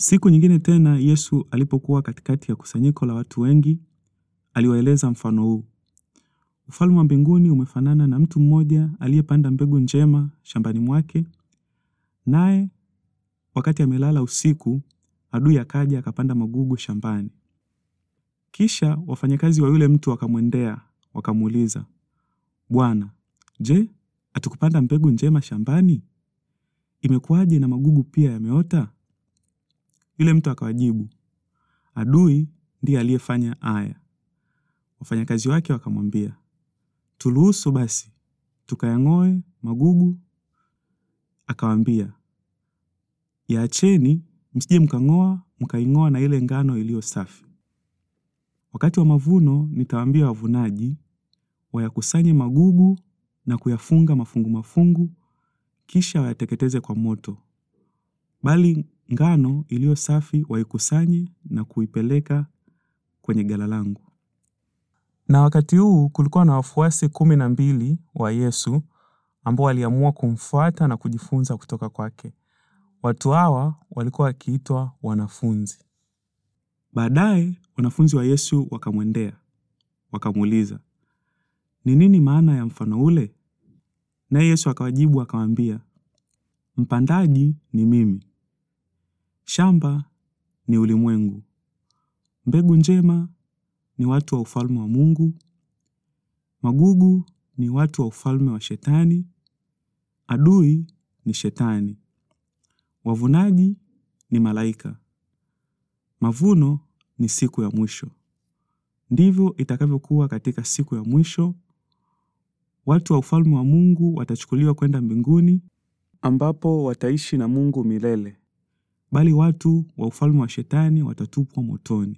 Siku nyingine tena Yesu alipokuwa katikati ya kusanyiko la watu wengi, aliwaeleza mfano huu. Ufalme wa mbinguni umefanana na mtu mmoja aliyepanda mbegu njema shambani mwake, naye wakati amelala usiku, adui akaja akapanda magugu shambani. Kisha wafanyakazi wa yule mtu wakamwendea, wakamuuliza, Bwana, je, hatukupanda mbegu njema shambani? Imekuwaje na magugu pia yameota? Yule mtu akawajibu, adui ndiye aliyefanya aya Wafanyakazi wake wakamwambia, turuhusu basi tukayang'oe magugu. Akawaambia, yaacheni, msije mkang'oa mkaing'oa na ile ngano iliyo safi. Wakati wa mavuno nitawaambia wavunaji wayakusanye magugu na kuyafunga mafungu mafungu, kisha wayateketeze kwa moto, bali Ngano iliyo safi waikusanye na kuipeleka kwenye gala langu. Na wakati huu kulikuwa na wafuasi kumi na mbili wa Yesu ambao waliamua kumfuata na kujifunza kutoka kwake. Watu hawa walikuwa wakiitwa wanafunzi. Baadaye wanafunzi wa Yesu wakamwendea, wakamuuliza, ni nini maana ya mfano ule? Naye Yesu akawajibu akawaambia, mpandaji ni mimi. Shamba ni ulimwengu. Mbegu njema ni watu wa ufalme wa Mungu. Magugu ni watu wa ufalme wa Shetani. Adui ni Shetani. Wavunaji ni malaika. Mavuno ni siku ya mwisho. Ndivyo itakavyokuwa katika siku ya mwisho. Watu wa ufalme wa Mungu watachukuliwa kwenda mbinguni ambapo wataishi na Mungu milele bali watu wa ufalme wa shetani watatupwa motoni.